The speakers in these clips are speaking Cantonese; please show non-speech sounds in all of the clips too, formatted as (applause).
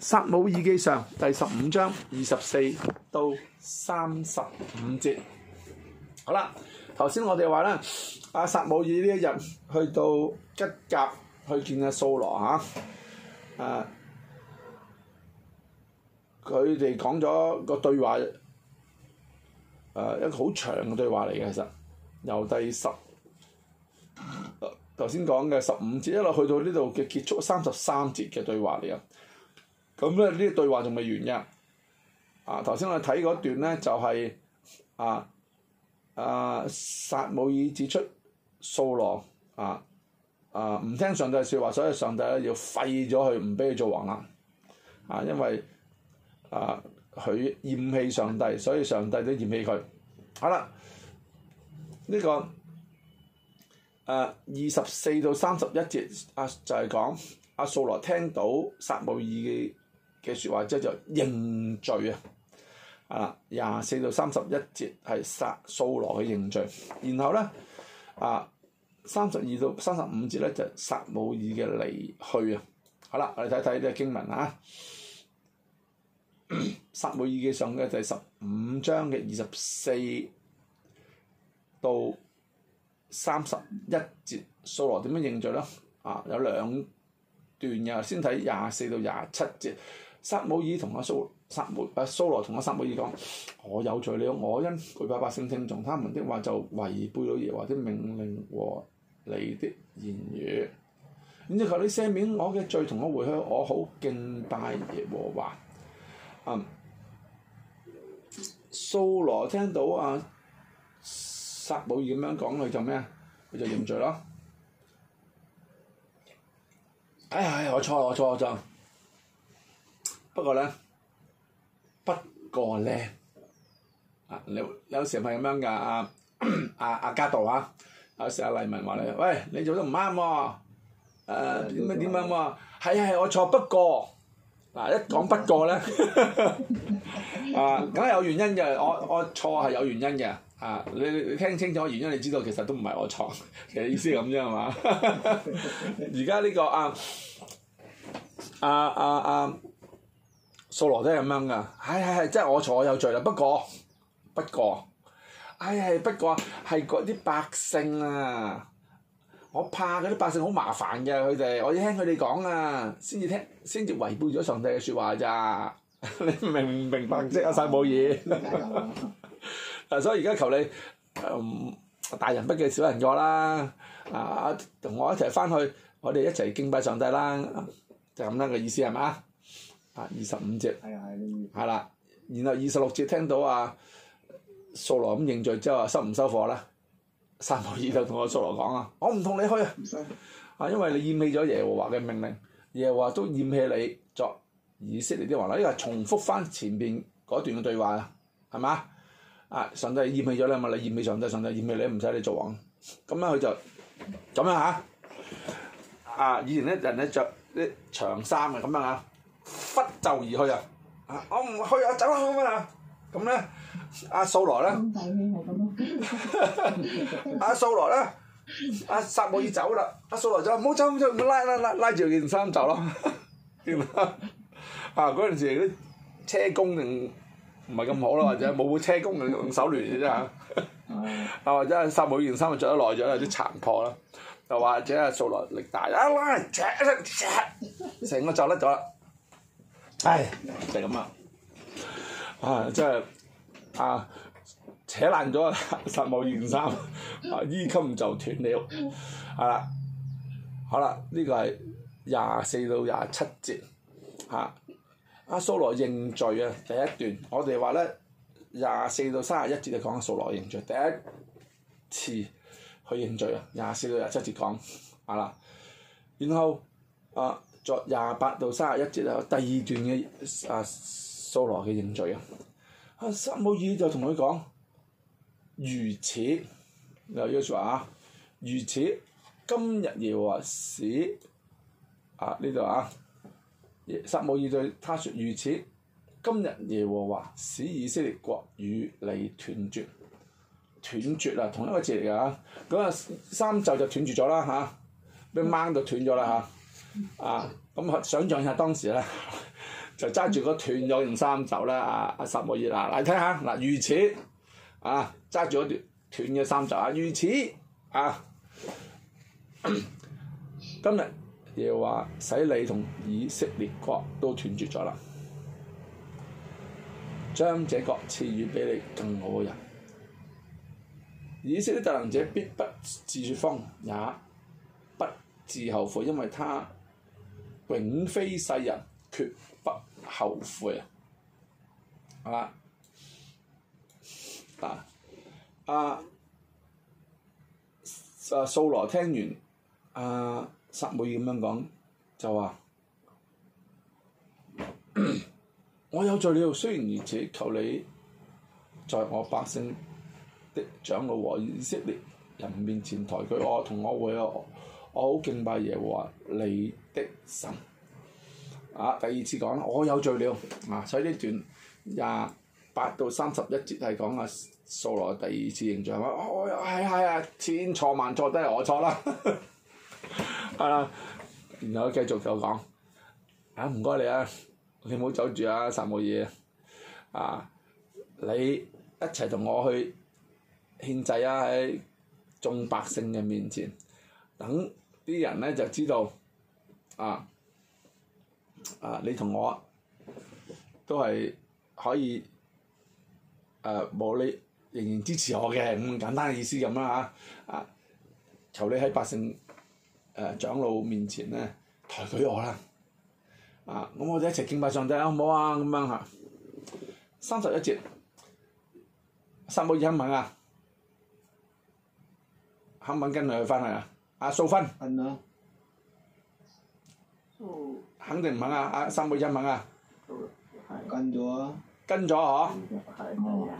撒母耳記上第十五章二十四到三十五節，好啦，頭先我哋話啦，阿撒母耳呢一日去到吉甲去見阿掃羅嚇，誒、啊，佢哋講咗個對話，誒、啊，一個好長嘅對話嚟嘅，其實由第十頭先講嘅十五節一路去到呢度嘅結束三十三節嘅對話嚟嘅。咁咧呢個對話仲未完嘅，啊頭先我哋睇嗰段咧就係、是，啊，啊撒母耳指出掃羅，啊，啊唔聽上帝嘅説話，所以上帝咧要廢咗佢，唔俾佢做王啦，啊因為，啊佢厭棄上帝，所以上帝都嫌棄佢，好啦，呢、這個，誒二十四到三十一節，阿、啊、就係講阿掃羅聽到撒母耳嘅。嘅説話即係就認罪啊！啊，廿四到三十一節係殺掃羅嘅認罪，然後咧啊，三十二到三十五節咧就撒母耳嘅離去看看啊！好啦，我哋睇睇啲經文嚇，撒母耳記上嘅第十五章嘅二十四到三十一節，掃羅點樣認罪咧？啊，有兩段嘅，先睇廿四到廿七節。撒母耳同阿蘇撒母阿蘇羅同阿撒母耳講：我有罪了，我因懼怕百姓聽從他們的話就違背了耶和華的命令和你的言語。然之後求你赦免我嘅罪，同我回去。我好敬拜耶和華。嗯，蘇羅聽到阿撒母耳咁樣講，佢就咩啊？佢就,就認罪咯。哎呀！我錯啦！我錯啦！真。不過咧，不過咧，啊有有時係咁樣㗎，阿阿阿家道啊，有時阿、啊、黎文話你，喂你做得唔啱喎，誒點樣點樣喎？係係、啊嗯、我錯不過，嗱、啊、一講不過咧， (laughs) 啊梗係有原因嘅，我我錯係有原因嘅，啊你你聽清楚原因，你知道其實都唔係我錯，嘅 (laughs) 意思咁啫係嘛？而家呢個啊啊啊啊！啊啊啊素羅都係咁樣噶，係係係，即係我坐有罪啦。不過不過，哎係不過係嗰啲百姓啊，我怕嗰啲百姓好麻煩嘅佢哋，我要聽佢哋講啊，先至聽先至違背咗上帝嘅説話咋？ (laughs) 你明唔明白？即係阿曬冇嘢。嗱，所以而家求你，呃、大人不計小人過啦，啊，同我一齊翻去，我哋一齊敬拜上帝啦，就咁樣嘅意思係咪？啊，二十五節，係啦， (noise) 然後二十六節聽到啊，掃羅咁認罪之後，收唔收貨啦？撒母耳就同阿掃羅講啊，我唔同你去啊，啊唔使，因為你厭棄咗耶和華嘅命令，耶和華都厭棄你作以色列啲王啦。呢個係重複翻前邊嗰段嘅對話啊，係嘛？啊，上帝厭棄咗你嘛，你厭棄上帝，上帝厭棄你唔使你做王。咁咧佢就咁樣嚇、啊，啊，以前咧人咧着啲長衫啊咁樣嚇。忽就而去，去 (laughs) 啊！啊，我唔去啊，走啦，去乜啦？咁咧，阿掃羅咧，阿掃羅咧，阿撒母耳走啦，阿掃羅就唔好走，唔好走，拉拉拉拉住件衫走咯，啊！嗰陣時啲車工定唔係咁好啦，或者冇車工用手攣嘅啫嚇，係咪？即係撒母耳件衫著得耐咗，有啲殘破啦，又或者阿掃羅力大，一拉成個袖甩咗啦～唉，就係、是、咁啊，啊， (laughs) 啊，啊，這個、啊！啊，真係啊，扯爛咗啦，實無完衫，衣襟就斷了，係啦，好啦，呢個係廿四到廿七節，嚇，阿蘇羅認罪啊，第一段，我哋話咧廿四到卅一節就講蘇羅認罪，第一次去認罪啊，廿四到廿七節講，係、啊、啦、啊，然後啊。作廿八到三十一節啊，第二段嘅啊掃羅嘅認罪啊，哈撒母耳就同佢講，如此又要話啊，如此今日耶和華使啊呢度啊，撒母耳對他説如此，今日耶和華使以色列國與你斷絕，斷絕啊，同一個字嚟㗎嚇，咁啊三袖就，就斷絕咗啦嚇，俾掹到斷咗啦嚇。啊啊，咁想象下當時咧，就揸住個斷咗件衫袖啦。阿阿撒母耳啊，嚟睇下嗱，如此啊，揸住個斷斷嘅衫袖。啊，如此啊，今日耶和華使你同以色列國都斷絕咗啦，將這個賜與比你更好嘅人，以色列大能者必不自說謊也不自後悔，因為他。永非世人決不後悔啊！係、啊、嘛？嗱、啊，阿素羅聽完阿撒、啊、妹以咁樣講，就話： (coughs) 我有罪了，雖然如此，求你在我百姓的長老和以色列人面前抬舉我、哦，同我會我。我好敬拜耶和華你的神，啊！第二次講，我有罪了，啊！所以呢段廿八到三十一節係講啊，掃羅第二次認罪話，我係係啊，千錯萬錯都係我錯啦，係啦、啊，然後繼續就講，啊唔該你啊，你唔好走住啊，撒母耳，啊，你一齊同我去獻祭啊喺眾百姓嘅面前，等。啲人咧就知道，啊，啊，你同我都係可以，誒、啊，我你仍然支持我嘅咁、嗯、簡單嘅意思咁啦嚇，啊，求你喺百姓誒、呃、長老面前咧抬舉我啦，啊，咁我哋一齊敬拜上帝好唔好啊？咁樣嚇，三十一節，撒母耳肯唔肯啊，肯唔肯跟佢去翻去啊！阿、啊、素芬肯定唔肯啊！阿、啊、撒母耳唔肯啊，跟咗、啊，跟咗嗬、啊、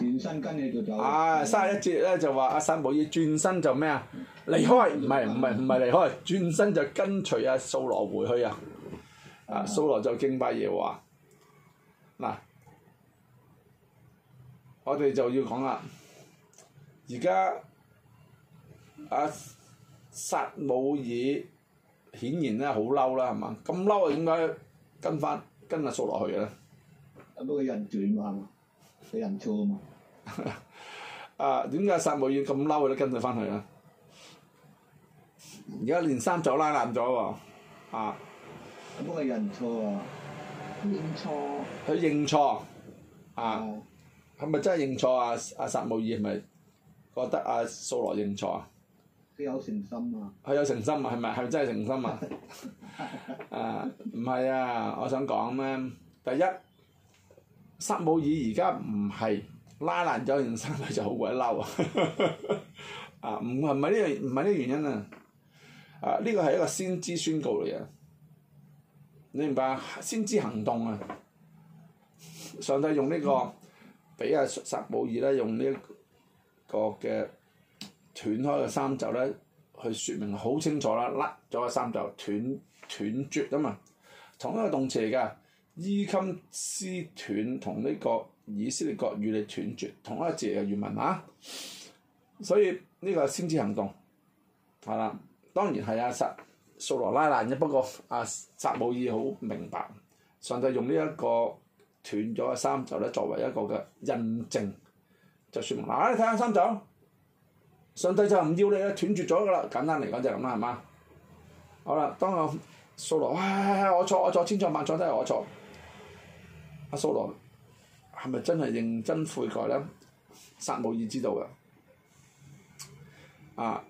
轉、哦、身跟你度就，啊三十一節咧就話阿撒母耳要轉身就咩啊？離開唔係，唔係，唔係離開，轉身就跟隨阿、啊、掃羅回去啊！阿、啊、掃羅就敬拜耶和華，嗱、啊，我哋就要講啦，而家阿。啊撒母耳顯然咧好嬲啦，係嘛？咁嬲啊，點解跟翻跟阿蘇落去嘅咧、啊？啊！不過人轉嘛，佢認錯啊嘛。啊，點解撒母耳咁嬲，佢都跟佢翻去啊？而家連衫就拉爛咗喎，啊！咁不過人錯啊，認錯。佢認錯，啊？係咪的真係認錯啊？阿撒母耳係咪覺得阿蘇羅認錯啊？佢有誠心啊！佢有誠心啊？係咪？係咪真係誠心啊？ (laughs) 啊！唔係啊！我想講咩？第一，薩姆爾而家唔係拉爛咗人生，佢就好鬼嬲啊！ (laughs) 啊！唔係唔係呢樣，唔係呢個原因啊！啊！呢個係一個先知宣告嚟啊！你明白？先知行動啊！上帝用呢、呢個俾阿、嗯、薩姆爾咧，用呢個嘅。斷開嘅衫袖咧，去説明好清楚啦！甩咗嘅衫袖斷斷絕啊嘛，同一個動詞嚟噶。伊金斯斷，同呢個以色列國與你斷絕，同一個字嘅原文啊。所以呢、這個先知行動係啦、啊，當然係阿撒掃羅拉爛嘅，不過阿、啊、撒母耳好明白，上帝用呢一個斷咗嘅衫袖咧，作為一個嘅印證，就説明嗱、啊，你睇下衫袖。上帝就唔要你啦，斷絕咗噶啦。簡單嚟講就係咁啦，係嘛？好啦，當我掃羅，哎、我錯我錯，千錯萬錯都係我錯。阿、啊、掃羅係咪真係認真悔改咧？撒母耳知道嘅，啊，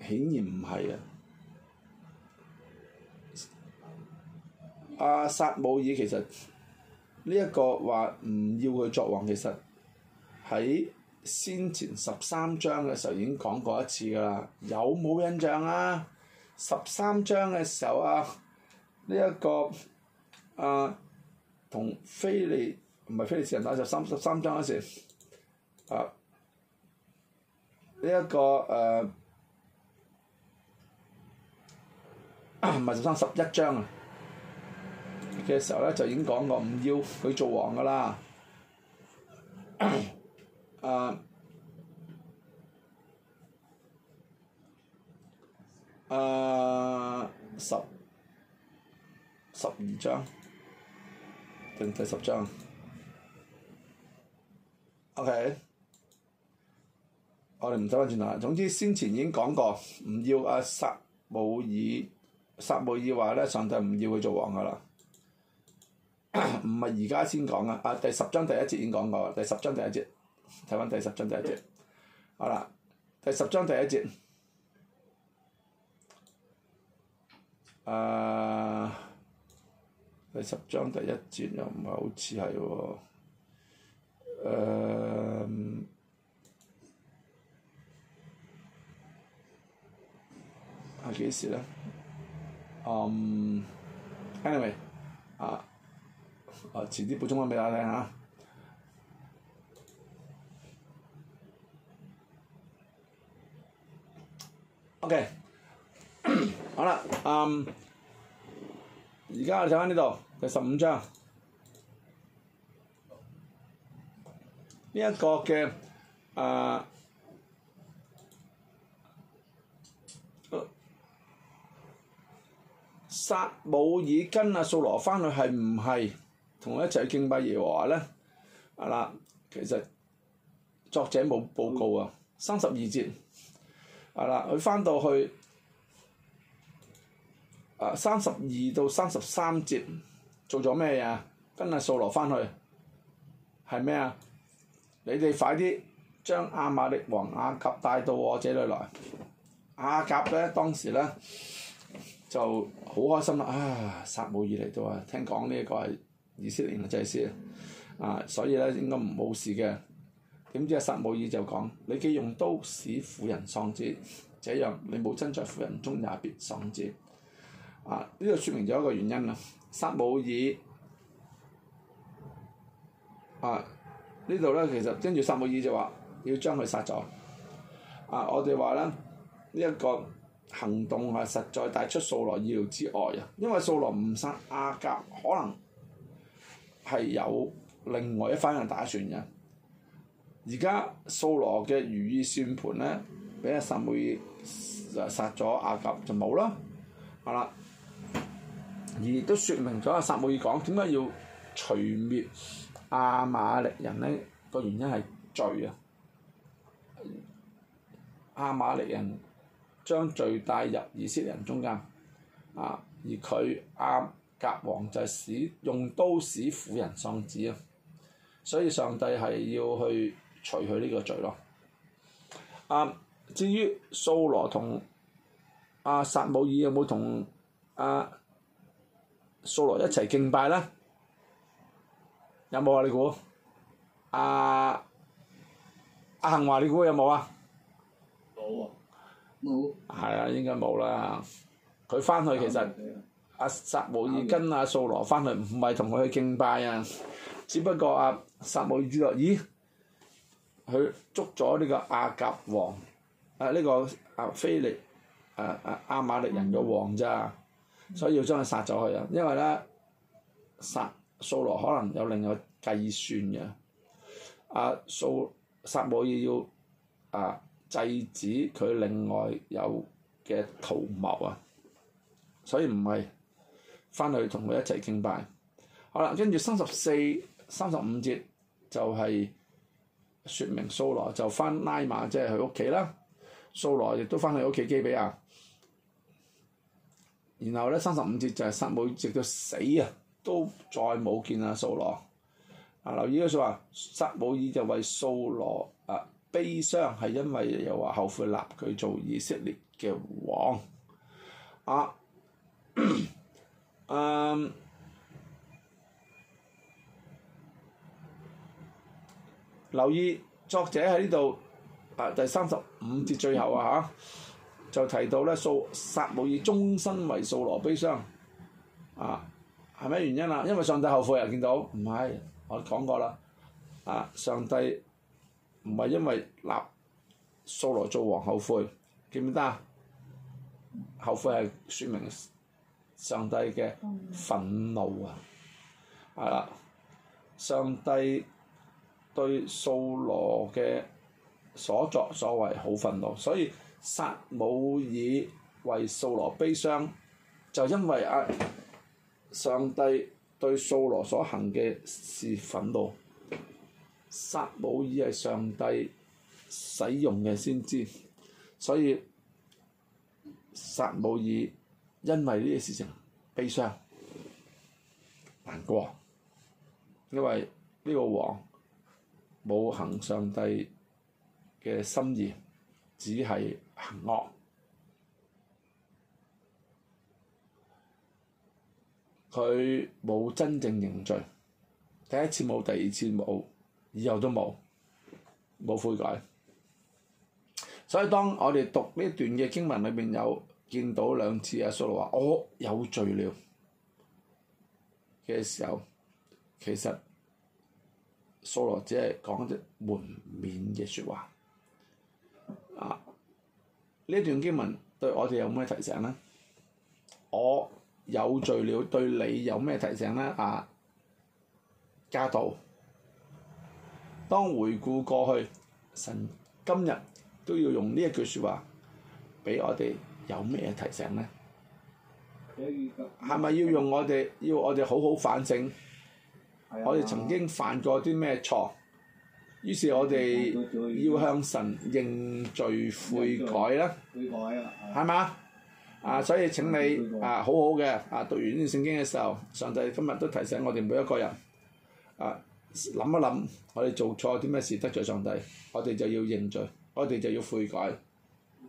顯然唔係啊！阿、啊、撒母耳其實呢一、這個話唔要佢作王，其實喺先前十三章嘅時候已經講過一次㗎喇，有冇印象啊？十三章嘅時候啊，呢一個啊同非利唔係非利士人打十三十三章嗰時候啊，呢一個誒唔係十三十一章啊，嘅時候咧就已經講過唔要佢做王㗎喇。啊！啊、uh, uh, 十十二章，定第十章。O.K. 我哋唔使返轉頭。總之先前已經講過，唔要阿、啊、撒母耳。撒母耳話咧：上帝唔要佢做王噶啦，唔係而家先講啊！啊，第十章第一節已經講過喇，第十章第一節。睇翻第十章第一節，好啦，第十章第一節，誒、呃，第十章第一節又唔係好似係喎，誒、呃，係幾時咧？嗯，聽到未？啊，啊遲啲補充翻俾大家聽嚇。看看。O K，好啦，嗯，而家我睇翻呢度第十五章，呢一個嘅誒，撒母耳跟阿掃羅翻去係唔係同我一齊敬拜耶和華咧？係啦，其實作者冇報告啊，三十二節。係啦，佢返到去，誒三十二到三十三節做咗咩嘢？跟阿掃羅返去係咩啊？你哋快啲將亞瑪力王亞甲帶到我這裏來。亞甲咧當時咧就好開心啦！啊，撒母耳嚟到啊，聽講呢個係以色列嘅祭司啊，呃，所以咧應該冇事嘅。點知啊？撒母耳就講：你既用刀使婦人喪子，這樣你母親在婦人中也必喪子。啊！呢個説明咗一個原因啦。撒母耳啊，呢度咧其實跟住撒母耳就話要將佢殺咗。啊！我哋話咧呢一、這個行動係實在帶出掃羅意料之外啊，因為掃羅唔殺亞甲，可能係有另外一番嘅打算嘅。而家掃羅嘅如意算盤咧，俾阿撒母耳啊殺咗亞甲就冇啦，好啦，而都説明咗阿撒母耳講點解要除滅亞瑪力人咧？個原因係罪啊！亞瑪力人將罪帶入以色列人中間啊，而佢亞甲王就係使用刀使婦人喪子啊，所以上帝係要去。除去呢個罪咯。啊，至於掃羅同阿撒母耳有冇同阿掃羅一齊敬拜咧？有冇啊？你估？阿阿幸華，你估有冇啊？冇啊，冇、啊。係啊，啊，應該冇啦。佢翻去其實阿撒了、啊、母耳跟阿、啊、掃羅翻去唔係同佢去敬拜啊，只不過阿、啊、撒母耳知道，咦？佢捉咗呢個亞甲王。啊，呢個亞非力啊啊亞瑪、啊、力人嘅王咋，所以要將佢殺咗佢啊，因為咧，殺掃羅可能有另外計算嘅，啊掃撒母耳要啊制止佢另外有嘅圖謀啊，所以唔係翻去同佢一齊敬拜，好啦，跟住三十四、三十五節就係。說明掃羅就翻拉馬即係佢屋企啦，掃、就是、羅亦都翻去屋企基比亞，然後咧三十五節就係撒母耳直到死啊，都再冇見啊掃羅。啊，留意咧，佢話撒母耳就為掃羅啊悲傷，係因為又話後悔立佢做以色列嘅王啊，誒。 (coughs) 啊留意作者喺呢度，啊第三十五節最後啊嚇，就提到咧掃撒母耳終身為掃羅悲傷，啊係咩原因啊？因為上帝後悔又、啊、見到，唔係我講過啦，啊上帝唔係因為立掃羅做王後悔，見唔得啊？後悔係説明上帝嘅憤怒啊，係、啊、啦，上帝。對掃羅嘅所作所為好憤怒，所以撒母耳為掃羅悲傷，就因為阿上帝對掃羅所行嘅事憤怒。撒母耳係上帝使用嘅先知，所以撒母耳因為呢啲事情悲傷難過，因為呢、這個王。冇行上帝嘅心意，只係行惡。佢冇真正認罪，第一次冇，第二次冇，以後都冇，冇悔改。所以當我哋讀呢段嘅經文裏面，有見到兩次掃羅話我有罪了嘅時候，其實。掃羅只係講一隻門面嘅説話，啊！呢段經文對我哋有咩提醒呢？我有罪了，對你有咩提醒呢？啊！家道，當回顧過去，神今日都要用呢一句説話，俾我哋有咩提醒呢？係咪 (music) 要用我哋？要我哋好好反省？我哋曾經犯過啲咩錯，於是我哋要向神認罪悔改啦，係嘛？啊，所以請你、嗯、啊，好好嘅啊，讀完呢聖經嘅時候，上帝今日都提醒我哋每一個人啊，諗一諗，我哋做錯啲咩事得罪上帝，我哋就要認罪，我哋就要悔改，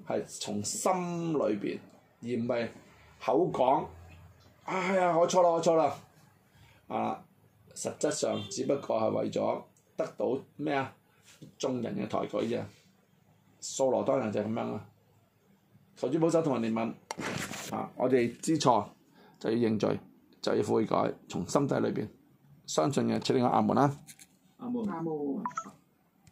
係從心裏邊而唔係口講。哎呀！我錯啦！我錯啦！啊！實質上，只不過係為咗得到咩啊？眾人嘅抬舉啫。掃羅多人就係咁樣啊！求主保守同人憐憫啊！我哋知錯就要認罪，就要悔改，從心底裏邊相信嘅，請啲阿阿門們啦，阿門。